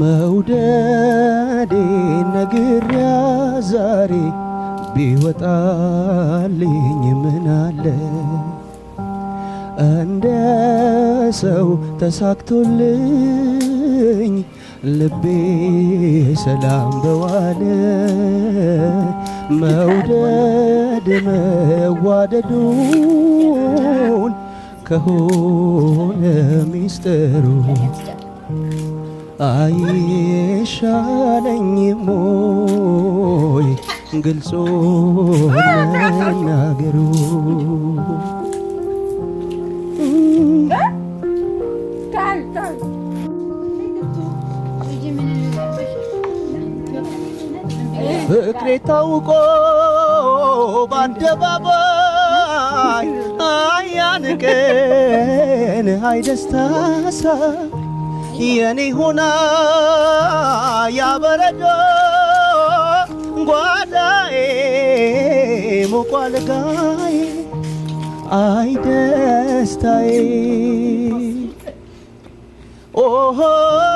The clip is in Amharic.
መውደዴ ነግሪያ ዛሬ ቢወጣልኝ ምናለ እንደ ሰው ተሳክቶልኝ ልቤ ሰላም በዋለ መውደድ መዋደዱን ከሆነ ሚስጥሩ አይሻለኝ ሞይ ግልጹ መናገሩ ፍቅሬ ታውቆ በአደባባይ አያንቀን አይደስታሳ የኔ ሆና ያበረዶ ጓዳዬ ሞቋልጋዬ አይ ደስታዬ ኦሆ